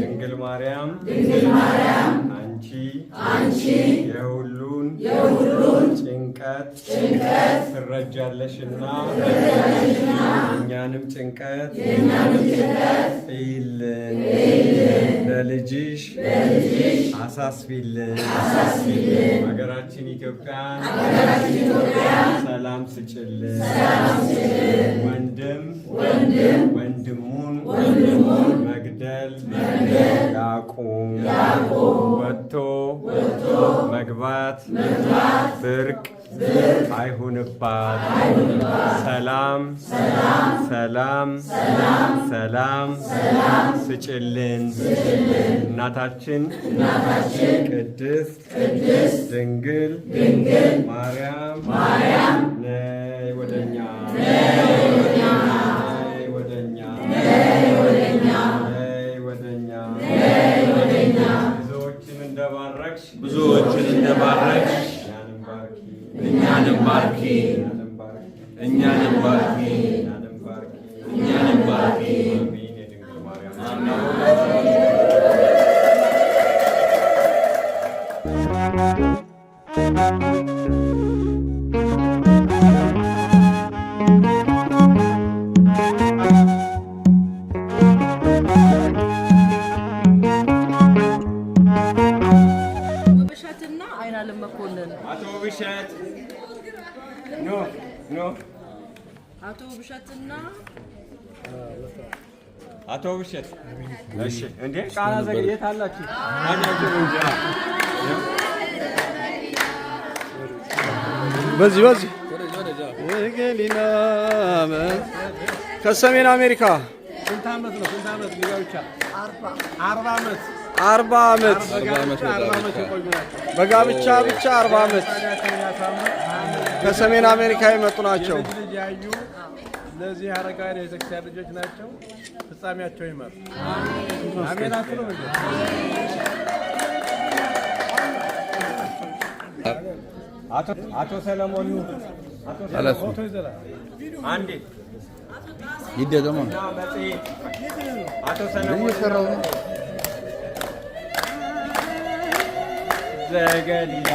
ድንግል ማርያም ድንግል ማርያም አንቺ አንቺ የሁሉን የሁሉን ጭንቀት ትረጃለሽና እኛንም ጭንቀት ይልን ለልጅሽ አሳስቢልን። ሀገራችን ኢትዮጵያን ሰላም ስጭልን። ወንድም ወንድሙን መግደል ያቁም። ወጥቶ መግባት ብርቅ አይሁንባት። ሰላም ሰላም ሰላም ስጭልን እናታችን ቅድስት ድንግል ማርያም ማርያም ነይ ወደኛ ብዙዎችን እንደባረክሽ ብዙዎችን እንደባረክሽ እኛንም ባርኪ እኛንም ባርኪ እኛንም ባርኪ። ውብሸትና አይናለም መኮንን አቶ ውብሸት አቶ ብሸትና አቶ ብሸት እሺ፣ እንዴ ቃላ ዘግየት አላችሁ። በዚህ በዚህ ወገሊና ከሰሜን አሜሪካ ስንት ዓመት ነው? ስንት ዓመት ሊጋብቻ? አርባ ዓመት አርባ ዓመት በጋብቻ ብቻ አርባ ዓመት ከሰሜን አሜሪካ የመጡ ናቸው። ያዩ እነዚህ አረጋውያን የቤተክርስቲያን ልጆች ናቸው። ፍጻሜያቸው ይመር። አሜን አትሉ አቶ ሰለሞን አንዴ ዘገሊላ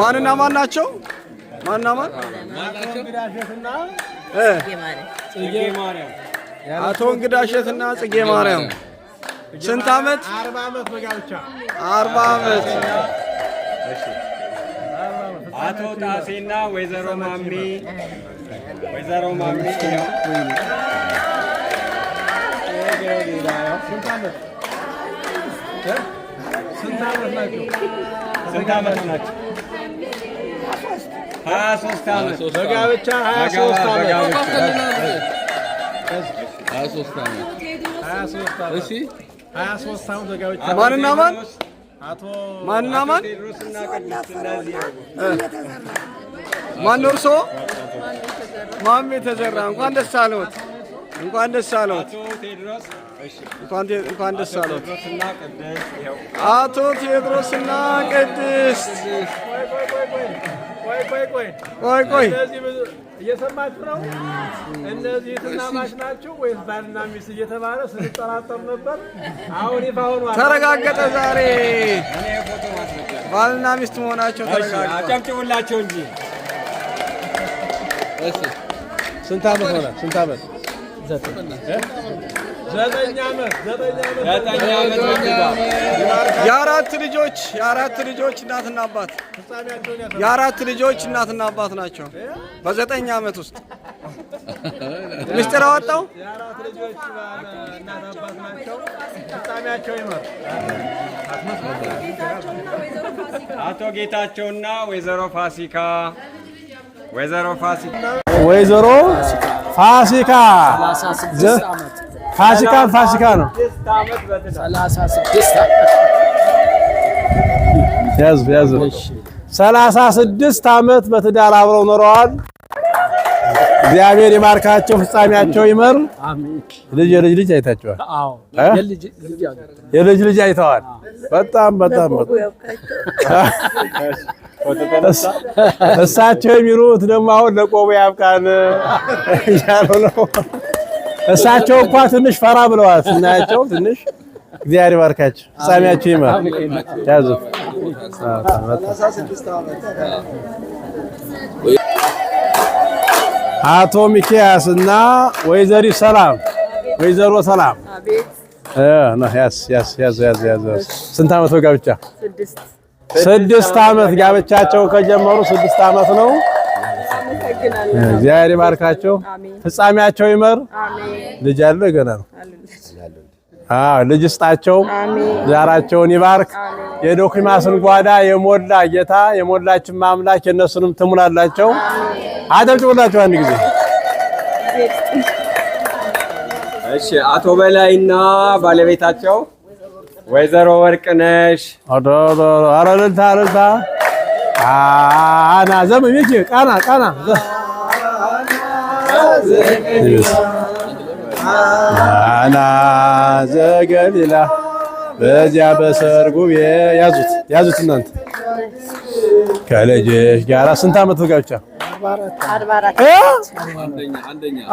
ማንና ማን ናቸው? ማንና ማን? አቶ እንግዳሸትና ጽጌ ማርያም ስንት ዓመት? አርባ ዓመት አቶ ጣሴና ወይዘሮ ማሚ ወይዘሮ ማሚ ስንት ዓመት ናቸው? ስንት ዓመት ሆናችሁ? ሀያ ሦስት ዓመት በጋብቻ ሀያ ሦስት ዓመት ማንና ማን ማንና ማን ማን እርሶ ማሜ ተዘራ እንኳን ደስ አለዎት እንኳን ደስ አለዎት እንኳን ደስ አለት አቶ ቴዎድሮስና ቅድስት። ቆይ ቆይ እየሰማችሁ ነው። እነዚህ ትናማች ናቸው ወይስ ባልና ሚስት እየተባለ ስንጠራጠር ነበር። አሁን ይፋ ሆኗል፣ ተረጋገጠ። ዛሬ ባልና ሚስት መሆናቸው ተረጋግጧል። አጨብጭቡላቸው እንጂ። ስንት ዓመት ሆነ? ስንት ዓመት የአራት ልጆች የአራት ልጆች እናትና አባት የአራት ልጆች እናትና አባት ናቸው። በዘጠኝ ዓመት ውስጥ ምስጢር አወጣው። አቶ ጌታቸውና ወይዘሮ ፋሲካ ወይዘሮ ፋሲካ ወይዘሮ ፋሲካ ፋሲካ ፋሲካ ነው። ሰላሳ ስድስት ዓመት በትዳር አብረው ኖረዋል። እግዚአብሔር ይማርካቸው፣ ፍጻሜያቸው ይመር። ልጅ የልጅ ልጅ አይታቸዋል። የልጅ ልጅ አይተዋል። በጣም በጣም እሳቸው የሚሉት ደግሞ አሁን ለቆቦ ያብቃን እያሉ ነው። እሳቸው እኳ ትንሽ ፈራ ብለዋል። ስናያቸው ትንሽ እግዚአብሔር ይባርካቸው ሳሚያችሁ ይማ ያዙ። አቶ ሚኪያስ እና ወይዘሪ ሰላም ወይዘሮ ሰላም ስንት ዓመት ነው ጋብቻ? ስድስት ዓመት ጋብቻቸው ከጀመሩ ስድስት ዓመት ነው። እግዚአብሔር ይባርካቸው፣ ፍጻሜያቸው ይመር። ልጅ አለ ገና ነው። አዎ ልጅ ስጣቸው፣ ዛራቸውን ይባርክ። የዶክማስን ጓዳ የሞላ ጌታ የሞላችን አምላክ የነሱንም ትሙላላቸው። አጨብጭቡላቸው አንድ ጊዜ። እሺ አቶ በላይና ባለቤታቸው ወይዘሮ ወርቅነሽ አዶ አረልታ አረልታ ቃና ዘመን ይቺ ቃና ቃና ቃና ዘገሊላ በዚያ በሰርጉ ያዙት ያዙት። እናንተ ከልጅሽ ጋራ ስንት ዓመት ጋብቻ?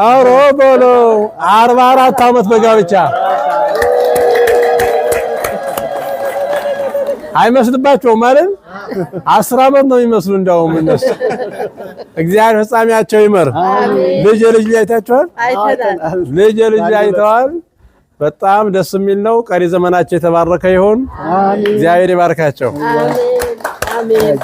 አሮ በለው አርባ አራት ዓመት በጋብቻ አይመስልባቸውም ማለት አስር አመት ነው የሚመስሉ። እንዳውም እነሱ እግዚአብሔር ፍጻሜያቸው ይመር። ልጅ ልጅ አይታችኋል፣ ልጅ የልጅ አይተዋል። በጣም ደስ የሚል ነው። ቀሪ ዘመናቸው የተባረከ ይሁን። እግዚአብሔር ይባርካቸው። አሜን።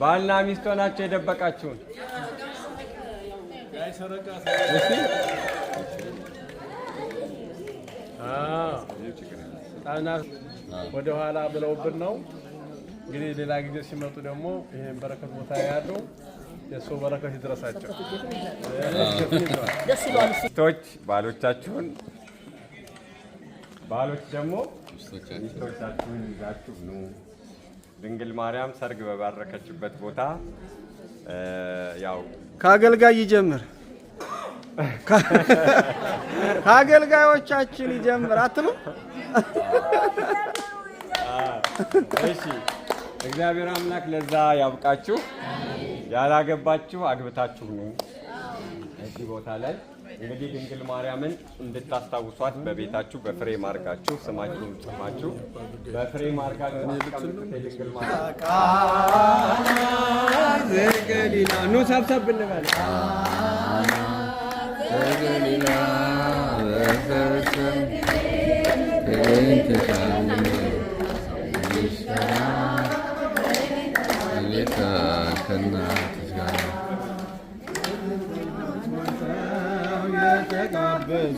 ባልና ሚስቶ ናቸው የደበቃችሁን። ወደኋላ ብለውብን ነው እንግዲህ ሌላ ጊዜ ሲመጡ ደግሞ ይሄን በረከት ቦታ ያሉ የእሱ በረከት ይድረሳቸው። ሚስቶች ባሎቻችሁን፣ ባሎች ደግሞ ሚስቶቻችሁን ይዛችሁ ነው ድንግል ማርያም ሰርግ በባረከችበት ቦታ ያው ከአገልጋይ ይጀምር ከአገልጋዮቻችን ይጀምር አትሉ። እሺ እግዚአብሔር አምላክ ለዛ ያብቃችሁ። ያላገባችሁ አግብታችሁ ነው እዚህ ቦታ ላይ እንግዲህ ድንግል ማርያምን እንድታስታውሷት በቤታችሁ በፍሬ ማርጋችሁ ስማችሁን ጽፋችሁ በፍሬ ማርጋችሁ ድንግል ማርያምዘገሊላ ኑ ሰብሰብ እንበል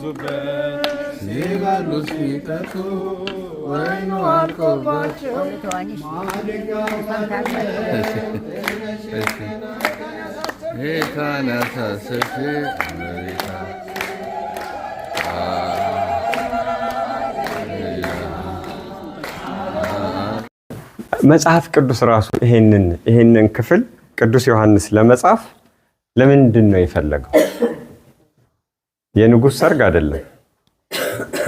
ሲበሉ ሲጠጡ ወይኑ አልቆባቸው እመቤታ መጽሐፍ ቅዱስ ራሱ ይሄንን ይሄንን ክፍል ቅዱስ ዮሐንስ ለመጻፍ ለምንድን ነው የፈለገው? የንጉስ ሰርግ አይደለም።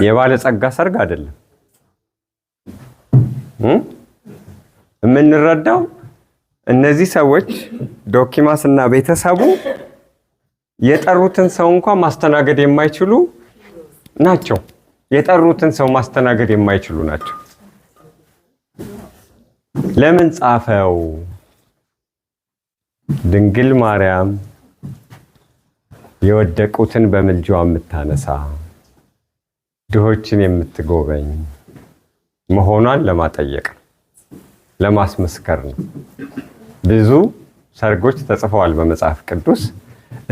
የባለጸጋ ሰርግ አይደለም። የምንረዳው እነዚህ ሰዎች ዶኪማስ እና ቤተሰቡ የጠሩትን ሰው እንኳን ማስተናገድ የማይችሉ ናቸው። የጠሩትን ሰው ማስተናገድ የማይችሉ ናቸው። ለምን ጻፈው? ድንግል ማርያም የወደቁትን በምልጇ የምታነሳ ድሆችን የምትጎበኝ መሆኗን ለማጠየቅ ነው፣ ለማስመስከር ነው። ብዙ ሰርጎች ተጽፈዋል በመጽሐፍ ቅዱስ።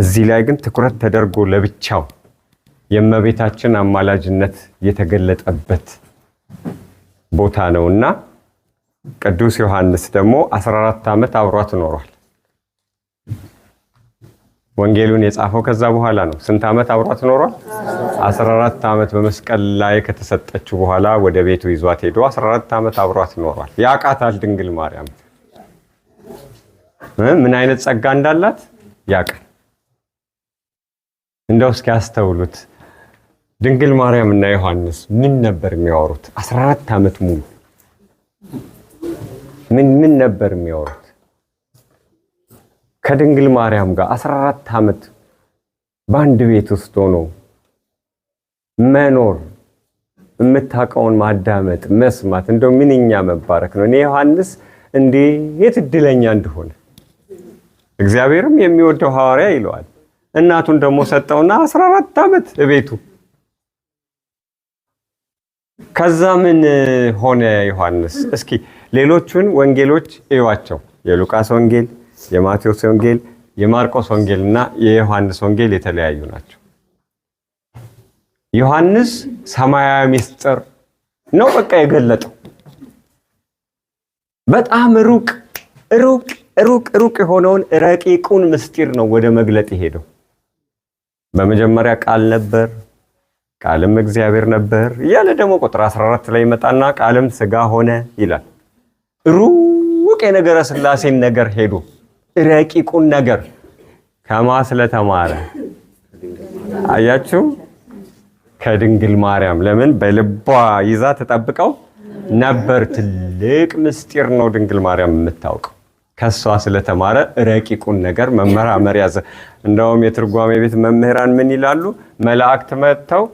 እዚህ ላይ ግን ትኩረት ተደርጎ ለብቻው የእመቤታችን አማላጅነት የተገለጠበት ቦታ ነውና ቅዱስ ዮሐንስ ደግሞ 14 ዓመት አብሯት ኖሯል። ወንጌሉን የጻፈው ከዛ በኋላ ነው። ስንት ዓመት አብሯት ኖሯል? 14 ዓመት በመስቀል ላይ ከተሰጠችው በኋላ ወደ ቤቱ ይዟት ሄዶ 14 ዓመት አብሯት ኖሯል። ያቃታል ድንግል ማርያም ምን አይነት ጸጋ እንዳላት ያውቃል። እንደው እስኪ ያስተውሉት። ድንግል ማርያም እና ዮሐንስ ምን ነበር የሚያወሩት? 14 ዓመት ሙሉ ምን ምን ነበር የሚያወሩት? ከድንግል ማርያም ጋር 14 ዓመት በአንድ ቤት ውስጥ ሆኖ መኖር የምታውቀውን ማዳመጥ፣ መስማት እንደ ምንኛ መባረክ ነው። እኔ ዮሐንስ እንዴት እድለኛ እንደሆነ እግዚአብሔርም የሚወደው ሐዋርያ ይለዋል። እናቱን ደግሞ ሰጠውና 14 ዓመት እቤቱ። ከዛ ምን ሆነ ዮሐንስ? እስኪ ሌሎቹን ወንጌሎች እዩዋቸው የሉቃስ ወንጌል የማቴዎስ ወንጌል፣ የማርቆስ ወንጌል እና የዮሐንስ ወንጌል የተለያዩ ናቸው። ዮሐንስ ሰማያዊ ምስጢር ነው በቃ የገለጠው በጣም ሩቅ ሩቅ ሩቅ ሩቅ የሆነውን ረቂቁን ምስጢር ነው ወደ መግለጥ የሄደው። በመጀመሪያ ቃል ነበር፣ ቃልም እግዚአብሔር ነበር እያለ ደግሞ ቁጥር 14 ላይ ይመጣና ቃልም ስጋ ሆነ ይላል። ሩቅ የነገረ ስላሴን ነገር ሄዱ። ረቂቁን ነገር ከማ ስለተማረ አያችሁ፣ ከድንግል ማርያም ለምን በልቧ ይዛ ተጠብቀው ነበር። ትልቅ ምስጢር ነው ድንግል ማርያም የምታውቀው ከሷ ስለተማረ ረቂቁን ነገር መመራመር ያዘ። እንደውም የትርጓሜ ቤት መምህራን ምን ይላሉ? መላእክት መጥተው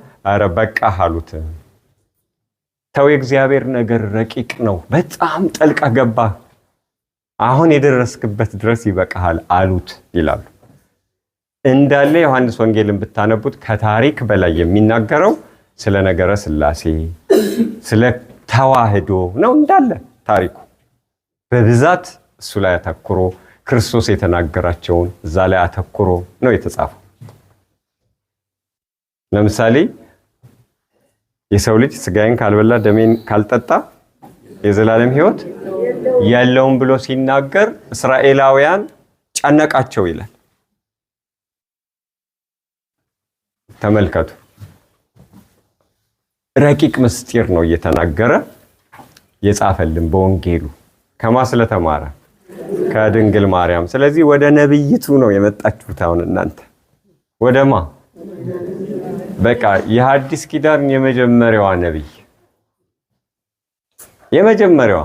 ረ በቃ አሉት። ተው፣ የእግዚአብሔር ነገር ረቂቅ ነው። በጣም ጠልቀህ ገባህ አሁን የደረስክበት ድረስ ይበቃሃል አሉት ይላሉ። እንዳለ ዮሐንስ ወንጌልን ብታነቡት ከታሪክ በላይ የሚናገረው ስለ ነገረ ስላሴ ስለ ተዋህዶ ነው። እንዳለ ታሪኩ በብዛት እሱ ላይ አተኩሮ ክርስቶስ የተናገራቸውን እዛ ላይ አተኩሮ ነው የተጻፈው። ለምሳሌ የሰው ልጅ ስጋዬን ካልበላ ደሜን ካልጠጣ የዘላለም ሕይወት የለውም ብሎ ሲናገር እስራኤላውያን ጨነቃቸው ይላል። ተመልከቱ። ረቂቅ ምስጢር ነው እየተናገረ የጻፈልን በወንጌሉ ከማ ስለተማረ ከድንግል ማርያም። ስለዚህ ወደ ነብይቱ ነው የመጣችሁት። አሁን እናንተ ወደ ማ በቃ የሐዲስ ኪዳን የመጀመሪያዋ ነብይ የመጀመሪያዋ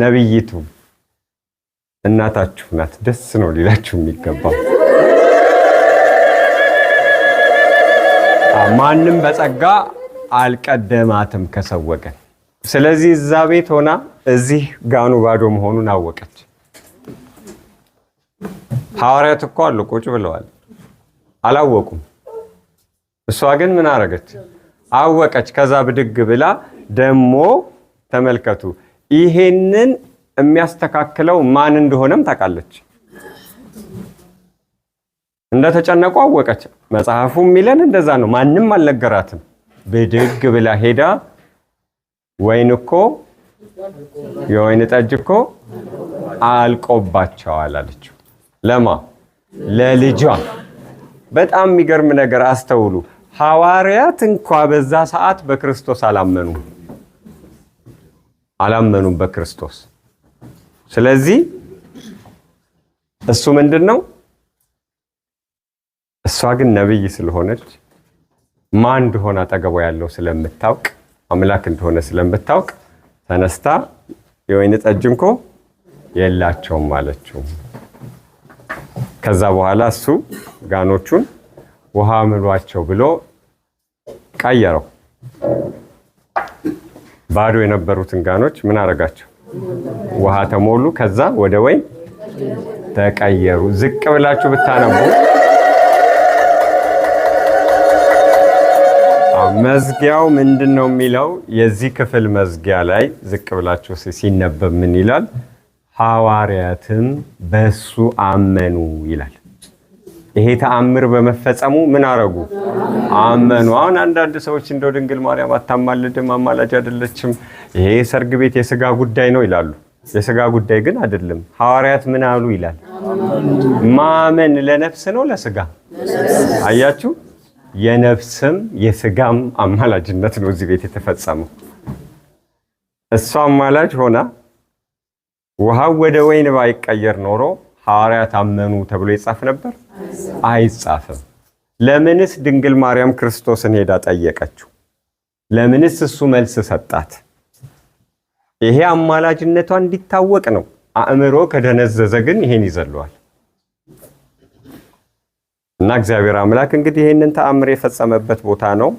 ነብይቱ እናታችሁ ናት። ደስ ነው ሊላችሁ የሚገባው ማንም በጸጋ አልቀደማትም ከሰው ወገን። ስለዚህ እዛ ቤት ሆና እዚህ ጋኑ ባዶ መሆኑን አወቀች። ሐዋርያት እኮ አሉ ቁጭ ብለዋል፣ አላወቁም። እሷ ግን ምን አረገች? አወቀች። ከዛ ብድግ ብላ ደግሞ ተመልከቱ ይሄንን የሚያስተካክለው ማን እንደሆነም ታውቃለች። እንደተጨነቁ አወቀች። መጽሐፉ የሚለን እንደዛ ነው። ማንም አልነገራትም። ብድግ ብላ ሄዳ ወይን እኮ የወይን ጠጅ እኮ አልቆባቸዋል አለችው። ለማ ለልጇ። በጣም የሚገርም ነገር አስተውሉ። ሐዋርያት እንኳ በዛ ሰዓት በክርስቶስ አላመኑ። አላመኑም በክርስቶስ። ስለዚህ እሱ ምንድን ነው? እሷ ግን ነብይ ስለሆነች ማን እንደሆነ አጠገቧ ያለው ስለምታውቅ አምላክ እንደሆነ ስለምታውቅ ተነስታ የወይን ጠጅ እንኮ የላቸውም አለችው። ከዛ በኋላ እሱ ጋኖቹን ውሃ ምሏቸው ብሎ ቀየረው። ባዶ የነበሩትን ጋኖች ምን አረጋቸው? ውሃ ተሞሉ። ከዛ ወደ ወይን ተቀየሩ። ዝቅ ብላችሁ ብታነቡ መዝጊያው ምንድን ነው የሚለው የዚህ ክፍል መዝጊያ ላይ ዝቅ ብላችሁ ሲነበብ ምን ይላል? ሐዋርያትም በሱ አመኑ ይላል። ይሄ ተአምር በመፈጸሙ ምን አረጉ? አመኑ። አሁን አንዳንድ ሰዎች እንደው ድንግል ማርያም አታማልድም፣ አማላጅ አይደለችም፣ ይሄ ሰርግ ቤት የስጋ ጉዳይ ነው ይላሉ። የስጋ ጉዳይ ግን አይደለም። ሐዋርያት ምን አሉ ይላል። ማመን ለነፍስ ነው ለስጋ አያችሁ። የነፍስም የስጋም አማላጅነት ነው እዚህ ቤት የተፈጸመው። እሷ አማላጅ ሆና ውሃው ወደ ወይን ባይቀየር ኖሮ ሐዋርያት አመኑ ተብሎ ይጻፍ ነበር? አይጻፍም። ለምንስ ድንግል ማርያም ክርስቶስን ሄዳ ጠየቀችው? ለምንስ እሱ መልስ ሰጣት? ይሄ አማላጅነቷ እንዲታወቅ ነው። አእምሮ ከደነዘዘ ግን ይሄን ይዘለዋል። እና እግዚአብሔር አምላክ እንግዲህ ይህንን ተአምር የፈጸመበት ቦታ ነው።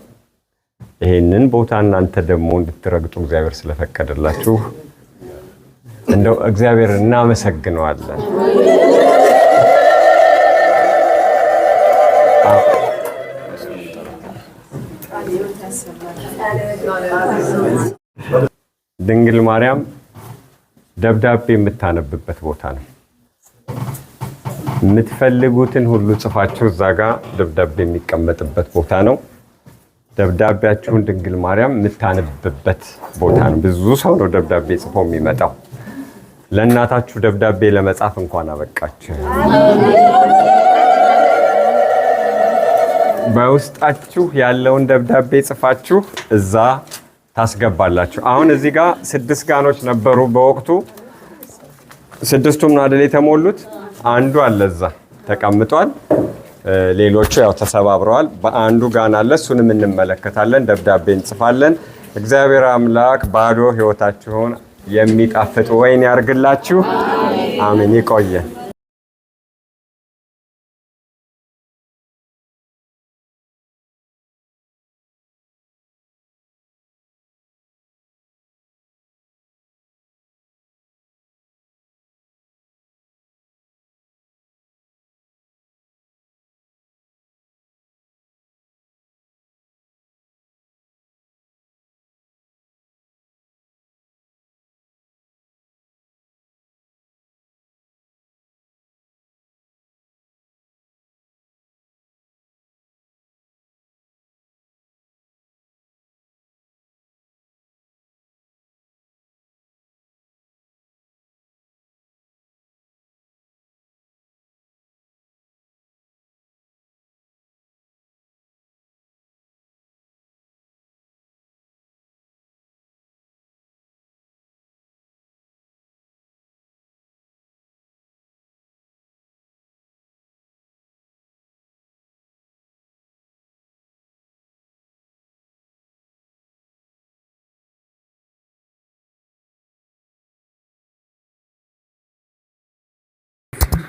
ይህንን ቦታ እናንተ ደግሞ እንድትረግጡ እግዚአብሔር ስለፈቀደላችሁ እንደው እግዚአብሔር እናመሰግነዋለን። ድንግል ማርያም ደብዳቤ የምታነብበት ቦታ ነው። የምትፈልጉትን ሁሉ ጽፋችሁ እዛ ጋ ደብዳቤ የሚቀመጥበት ቦታ ነው። ደብዳቤያችሁን ድንግል ማርያም የምታነብበት ቦታ ነው። ብዙ ሰው ነው ደብዳቤ ጽፎ የሚመጣው። ለእናታችሁ ደብዳቤ ለመጻፍ እንኳን አበቃችሁ። በውስጣችሁ ያለውን ደብዳቤ ጽፋችሁ እዛ ታስገባላችሁ። አሁን እዚህ ጋር ስድስት ጋኖች ነበሩ በወቅቱ ስድስቱም ነው አይደል የተሞሉት። አንዱ አለ እዛ ተቀምጧል። ሌሎቹ ያው ተሰባብረዋል። በአንዱ ጋን አለ፣ እሱንም እንመለከታለን። ደብዳቤ እንጽፋለን። እግዚአብሔር አምላክ ባዶ ህይወታችሁን የሚጣፍጥ ወይን ያርግላችሁ። አሜን። ይቆየን።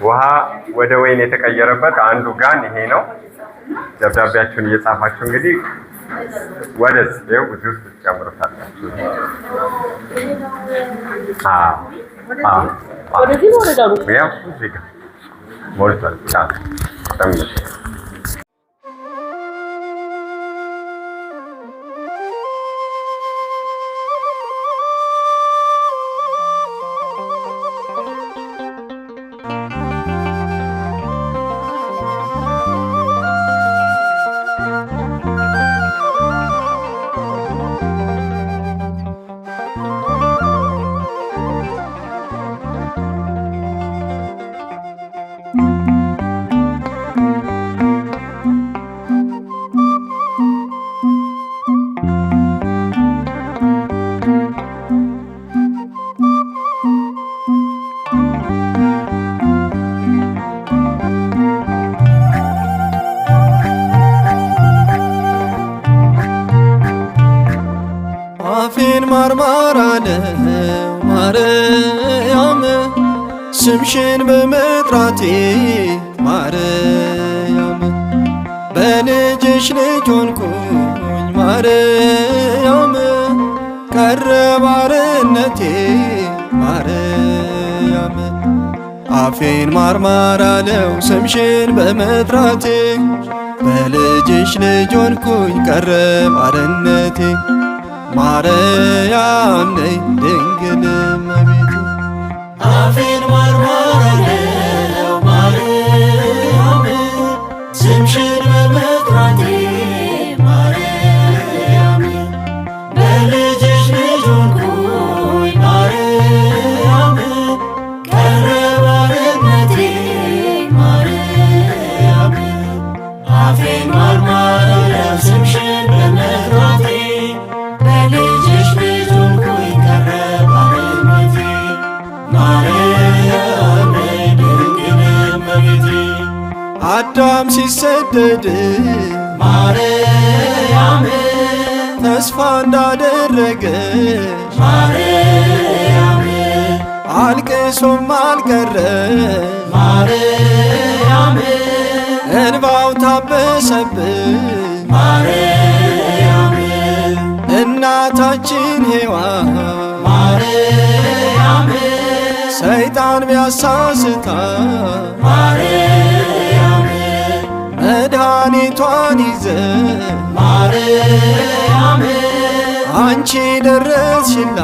ውሃ ወደ ወይን የተቀየረበት አንዱ ጋን ይሄ ነው። ደብዳቤያችሁን እየጻፋችሁ እንግዲህ ወደዚህ ይኸው እዚህ ውስጥ ትጨምሩታላችሁ። ሞልቷል። ጫት አፌን ማርማር አለው ስምሽን በመጥራቴ በልጅሽ ልጅ ሆንኩኝ ቀረ አርነቴ ማርያም ነይ ድንግል እመቤቴ አፌን ማርማር አለው አዳም ሲሰደድ ማርያም ተስፋ እንዳደረገ ማርያም አልቅሶም አልቀረ ማርያም እንባው ታበሰብ ማርያም እናታችን ሔዋን ማርያም ሰይጣን ቢያሳስታ መድኃኒቷን ይዘ ማርያም አንቺ ደረስሽላ